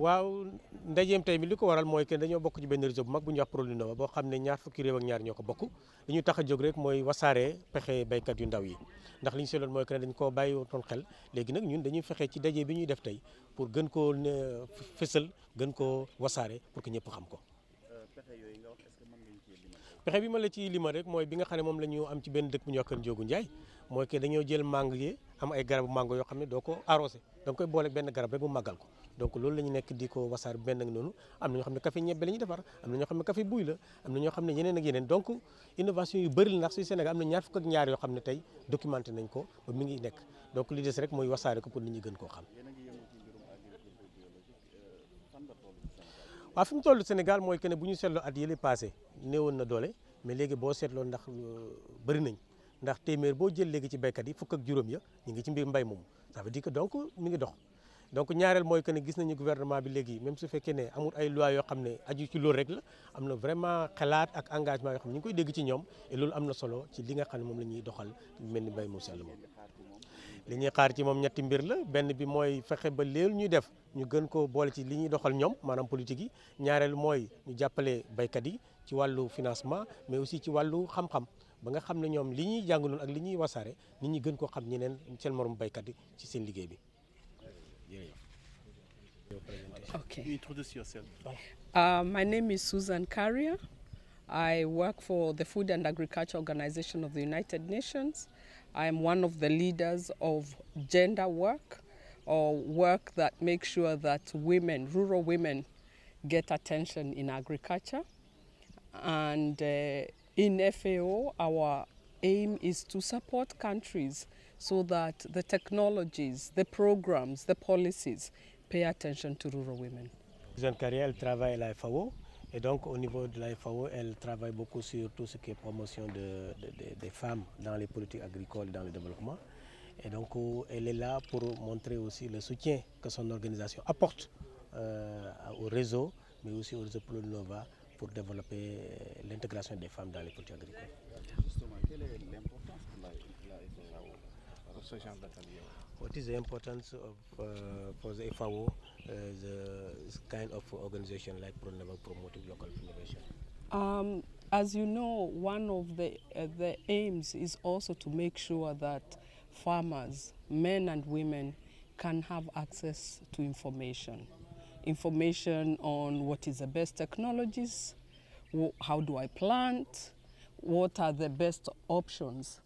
waaw ndajeem tey bi li ko waral mooy que dañoo bokk ci benn réseau bu mag bu ñuy wax Prolunova boo xam ne ñaar fukki réew ak ñaar ñoo ko bokk li ñu tax a jóg rek mooy wasaare pexe béykat yu ndaw yi ndax li ñu seetloon mooy que dañ koo bàyyi woon xel léegi nag ñun dañuy fexe ci daje bi ñuy def tey pour gën koo fësal gën koo wasaare pour que ñëpp xam ko pexe bi ma la ci lima rek mooy bi nga xam ne moom la ñu am ci benn dëkk bu ñuy wax Kër Ndiogou Ndiaye mooy que dañoo jël mango yi am ay garabu mango yoo xam ne doo ko arrosé danga koy boole benn garab rek mu màggal ko donc loolu la ñu nekk di ko wasaar benn ak noonu am na ñoo xam ne café ñebbe la ñuy defar am na ñoo xam ne café buy la am na ñoo xam ne yeneen ak yeneen donc innovation yu bëri la ndax suñu Sénégal na ñaar fukk ak ñaar yoo xam ne tey documenté nañ ko ba ngi nekk donc li des rek mooy wasaare ko pour nit ñi gën koo xam euh, waaw fi toll Sénégal mooy que bu ñu seetloo at yële passé néewoon na doole mais léegi boo seetloo ndax euh, bëri nañ ndax téeméer boo jël léegi ci béykat yi fukk ak juróom ya ñu ngi ci mbir mbay moom ça veut dire que donc mi ngi dox donc ñaareel mooy que ne gis nañu gouvernement bi léegi même su fekkee ne amul ay loi yoo xam ne aju ci loolu rek la am na vraiment xalaat ak engagement yoo xam ñu ngi koy dégg ci ñoom loolu am na solo ci li nga xam ne la ñuy doxal mel ni mbay mu sell moom li ñuy xaar ci moom ñetti mbir la benn bi mooy fexe ba léelu ñuy def ñu gën ko boole ci li ñuy doxal ñoom maanaam politique yi ñaareel mooy ñu jàppale baykat yi ci wàllu financement mais aussi ci wàllu xam-xam ba nga xam ne ñoom li ñuy jàng noonu ak li ñuy wasaare nit ñu gën koo xam ñeneen seen morom baykat yi ci seen liggéey bi Okay. Uh, my name is Susan Carrier. I work for the Food and Organization of the United Nations. I am one of the leaders of gender work that makes sure that rural women, get attention in agriculture. And uh, in FAO, our aim is to support countries so that the technologies, the programs, the policies pay attention to rural women. Jeune Carrière, elle travaille à la FAO et donc au FAO, elle travaille beaucoup sur tout ce qui est promotion de, des femmes dans les politiques agricoles et dans le développement. Et donc euh, elle est là pour montrer aussi le soutien que son organisation apporte euh, au réseau, mais aussi au réseau Nova pour développer euh, l'intégration des femmes dans les politiques agricoles. for social better living? What is the importance of uh, the FAO, uh, the organization like ProNeva promoting local innovation? Um, as you know, one of uh, the aims is also to make sure that farmers, men and women, can have access to information, information on what is the best technologies, how do I plant, what are the best options,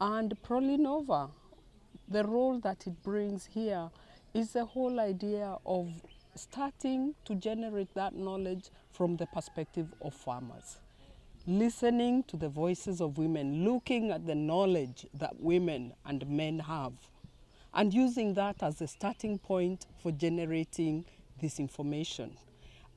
and Prolinova the role that it brings here is the whole idea of starting to generate that knowledge from the perspective of farmers. Listening to the voices of women, looking at the knowledge that women and men have, and using that as a starting point for generating this information.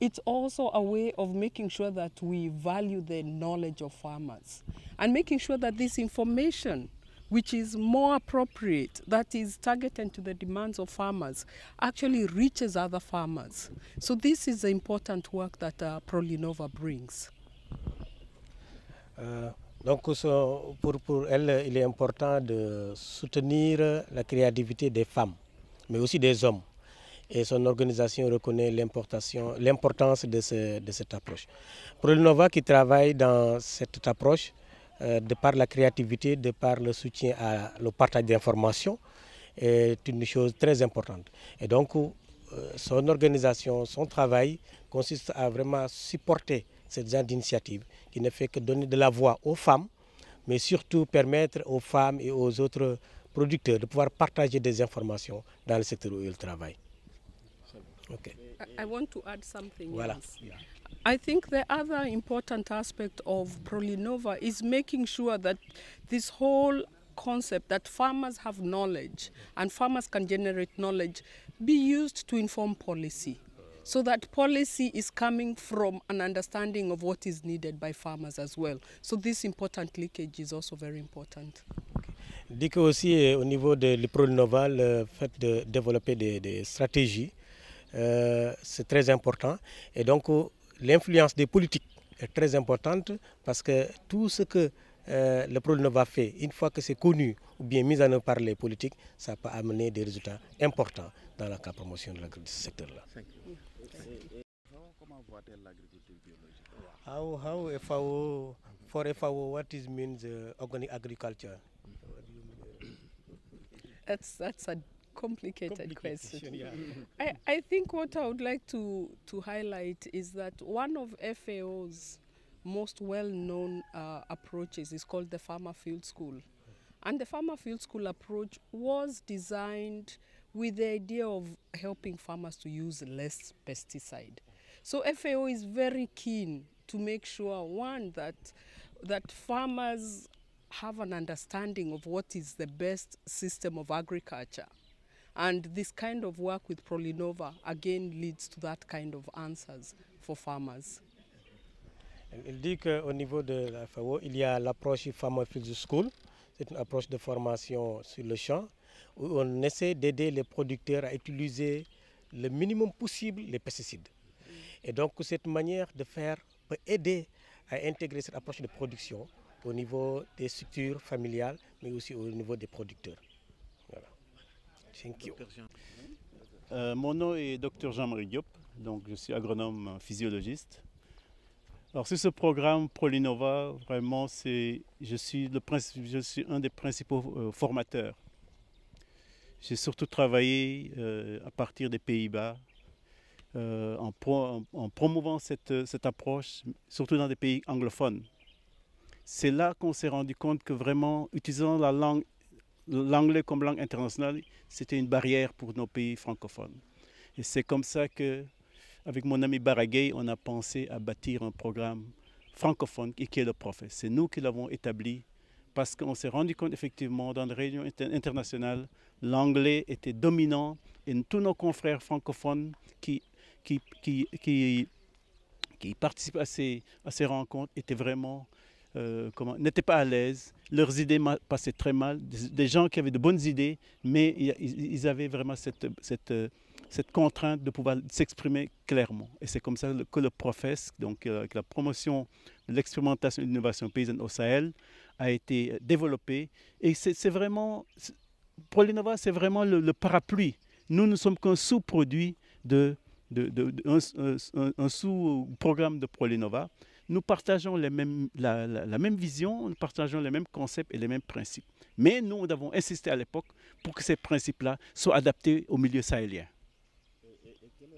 It's also a way of making sure that we value the knowledge of farmers and making sure that this information which is more appropriate, that is targeted to the demands of farmers, actually reaches other farmers. So this is the important that uh, Prolinova brings. Uh, donc pour, pour elle, il est important de soutenir la créativité des femmes, mais aussi des hommes. et son organisation reconnaît l'importance de, ce, de, cette approche. Prolinova qui travaille dans cette approche Euh, de par la créativité, de par le soutien à le partage d'informations, est une chose très importante. Et donc, euh, son organisation, son travail consiste à vraiment supporter cette genre d'initiative qui ne fait que donner de la voix aux femmes, mais surtout permettre aux femmes et aux autres producteurs de pouvoir partager des informations dans le secteur où ils travaillent. Okay. I, want to add something voilà. else. Yeah. I think the other important aspect of Prolinova is making sure that this whole concept that farmers have knowledge and farmers can generate knowledge be used to inform policy so that policy is coming from an understanding of what is needed by farmers as well. So this important leakage is also very important. Okay. Dit eh, de Prolinova, le fait de développer des, des stratégies euh, c'est très important. Et donc euh, l'influence des politiques est très importante parce que tout ce que euh, le Pronova fait, une fois que c'est connu ou bien mis en œuvre par les politiques, ça peut amener des résultats importants dans la promotion de, de ce secteur-là. Comment voit-elle l'agriculture biologique? How, how FAO, for FAO, complicated, complicated question. I, think what I would like to, highlight is that one of FAO's most well-known uh, approaches is called the Farmer Field School. And the Farmer Field School approach was designed with the idea of helping farmers to use less pesticide. So FAO is very keen to make sure, one, that farmers have an understanding of what is the best system of agriculture And this kind of work with Prolinova again leads to that kind of answers for farmers. Il dit qu'au niveau de la FAO, il y a l'approche Farmer Field School. C'est une approche de formation sur le champ où on essaie d'aider les producteurs à utiliser le minimum possible les pesticides. Et donc cette manière de faire peut aider à intégrer cette approche de production au niveau des structures familiales, mais aussi au niveau des producteurs. Thank you. Euh, mon nom est Dr Jean-Marie Diop, donc je suis agronome physiologiste. sur ce programme Prolinova, vraiment, c'est, je, suis le principe, je un des principaux euh, formateurs. J'ai surtout travaillé euh, à partir des Pays-Bas euh, en, pro, en, en, promouvant cette, cette approche, surtout dans des pays anglophones. C'est là qu'on s'est rendu compte que la langue l'anglais comme langue internationale, c'était une barrière pour nos pays francophones. Et c'est comme ça que, avec mon ami Baragay, on a pensé à bâtir un programme francophone et qui est le prophète. C'est nous qui l'avons établi parce qu'on s'est rendu compte effectivement dans les réunions internationales, l'anglais était dominant et tous nos confrères francophones qui, qui, à ces, rencontres étaient vraiment, euh, n'étaient pas à l'aise leurs idées passaient très mal, des gens qui avaient de bonnes idées, mais ils avaient vraiment cette, cette, cette contrainte de pouvoir s'exprimer clairement. Et c'est comme ça que le PROFES, donc euh, avec la promotion de l'expérimentation et de l'innovation paysanne au Sahel, a été développé. Et c'est vraiment, pour l'Innova, c'est vraiment le, le, parapluie. Nous ne sommes qu'un sous-produit de, de, de, un, un, un sous-programme de Prolinova nous partageons les mêmes, la, la, la, même vision, nous partageons les mêmes concepts et les mêmes principes. Mais nous, nous avons insisté à l'époque pour que ces principes-là soient adaptés au milieu sahélien. Et,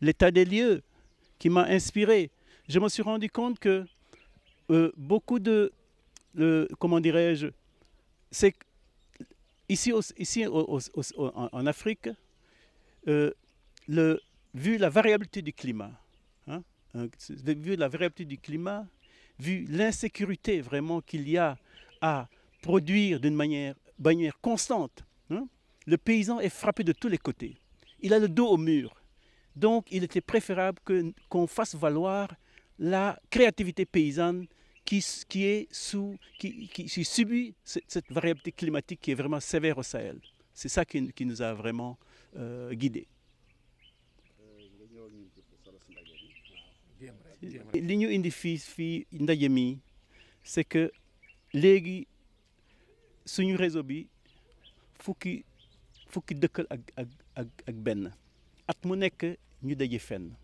l'état des lieux qui de m'a inspiré. Je me suis rendu compte que euh, beaucoup de, euh, comment dirais-je, c'est ici, ici en, en Afrique, euh, le, vu la variabilité du climat, hein, euh, vu la variabilité du climat, vu l'insécurité vraiment qu'il y a à produire d'une manière, manière, constante, le paysan est frappé de tous les côtés. Il a le dos au mur. Donc, il était préférable qu'on qu fasse valoir la créativité paysanne qui, qui, est sous, qui, qui, qui subit cette, cette, variabilité climatique qui est vraiment sévère au Sahel. C'est ça qui, nous a vraiment euh, guidés. li ñu indi fii fii ndaje mi c'est que léegi suñu réseau bi fukki fukki dëkkal ak ak ak ak benn at mu nekk ñu daje fenn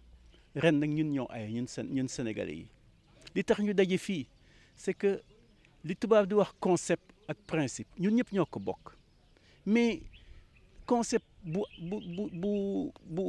ren nag ñun ñoo ay ñun seen ñun sénégalais yi li tax ñu daje fii c'est que li tubaab di wax concept ak principe ñun ñëpp ñoo ko bokk mais concept bu bu bu bu bu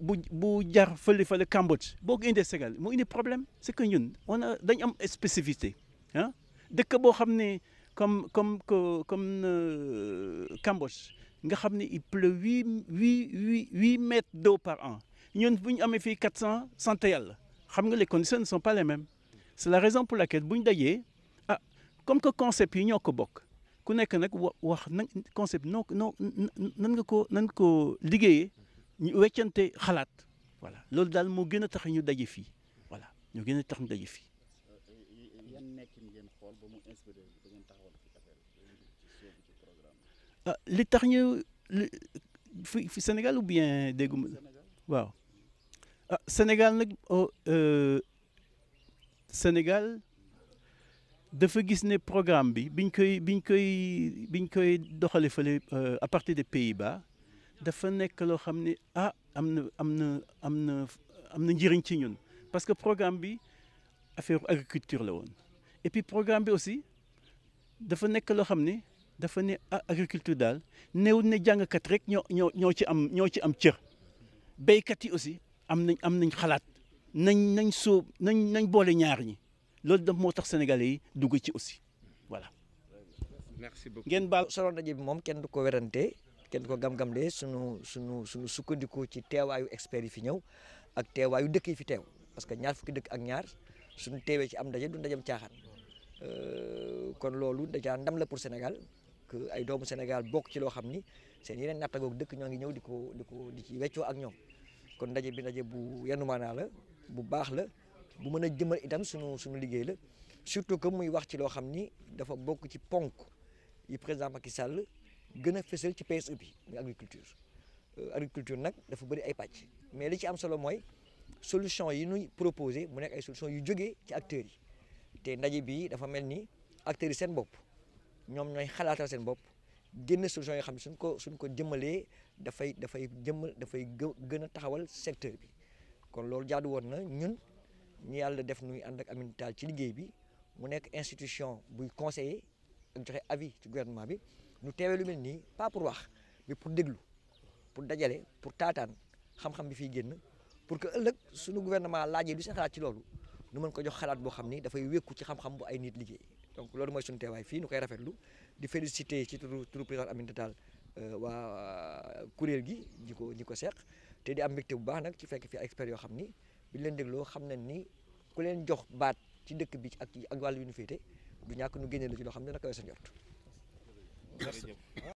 bu bu jar fële fële Cambodge boo ko indee Sénégal mu indi problème c'est que ñun on a dañ am spécificité ah dëkk boo xam ne comme comme comme euh, Cambodge nga xam ne il pleut huit huit huit huit mètres d'eau par an ñun bu ñu amee fii quatre cent sant yàlla xam nga les conditions ne sont pas les la raison pour laquelle bu ñu dajee ah comme que concept yi ñoo ko bokk ku nekk nag wax nag concept non non nan nga ko nan nga ko ñu weccante xalaat voilà loolu daal moo gën a tax ñu daje fii voilà ñoo gën a tax ñu daje fii. ah li tax ñu fi fi Sénégal ou bien dégguma waaw ah Sénégal nag oh, euh, Sénégal dafa gis ne programme bi biñ koy biñ koy biñ koy doxalee fële euh, à partir des Pays-Bas. dafa nekk loo xam ne ah am na am na am na am na njëriñ ci ñun parce que programme bi affaire agriculture la woon et puis programme bi aussi dafa nekk loo xam ne dafa ne ah, agriculture daal néew ne jàngkat rek ñoo ñoo ñoo ci am ñoo ci am cër béykat yi aussi am nañ am nañ xalaat nañ nañ sóob nañ nañ boole ñaar ñi loolu daf moo tax sénégalais yi dugg ci aussi voilà. merci beaucoup ngeen baal solo ndaje bi moom kenn du ko werante kenn ko gam-gam de sunu sunu sunu sukkandiku ci teewaayu experts yi fi ñëw ak teewaayu dëkk yi fi teew parce que ñaar fukki dëkk ak ñaar suñu teewee ci am ndaje du ndajam caaxaan euh, kon loolu déjà ndam la pour Sénégal ay doomu Sénégal bokk ci loo xam ni seen yeneen nattagoog dëkk ñoo ngi ñëw di ko di ko di ci weccoo ak ñoom kon ndaje bi ndaje bu yenn maanaa la bu baax la bu mën a jëmal itam sunu sunu liggéey la surtout que muy wax ci loo xam ni dafa bokk ci ponk yi président Macky Sall gën a fësal ci PSE bi muy agriculture euh, agriculture nag dafa bëri ay pàcc mais li ci am solo mooy solution yi nuy proposé mu nekk ay solution yu jógee ci acteurs yi te ndaje bi dafa mel ni acteurs yi seen bopp ñoom ñooy xalaatal seen bopp génn solution yoo xam ne suñ ko suñ ko jëmalee dafay dafay jëmal dafay gën a taxawal secteur bi kon loolu jaadu woon na ñun ñu yàlla def nuy ànd ak Aminata Tall ci liggéey bi mu nekk institution buy conseiller ak joxe avis ci gouvernement bi ñu teewee lu mel nii pas pour wax mais pour déglu pour dajale pour taataan xam-xam bi fiy génn pour que ëllëg suñu gouvernement laajee du seen xalaat ci loolu nu man ko jox xalaat boo xam ni dafay wékku ci xam-xam bu ay nit liggéey donc loolu mooy suñu teewaay fii nu koy rafetlu di félicité ci turu turu président Aminata Tall euh, waa kuréel gi ñi ko ñi ko seq te di am mbégte bu baax nag ci fekk fi ay experts yoo xam ni bi leen dégloo xam nañ ni ku leen jox baat ci dëkk bi ak ak wàllu yu ñu féete du ñàkk nu génne la loo xam ne dana koy jërëjëf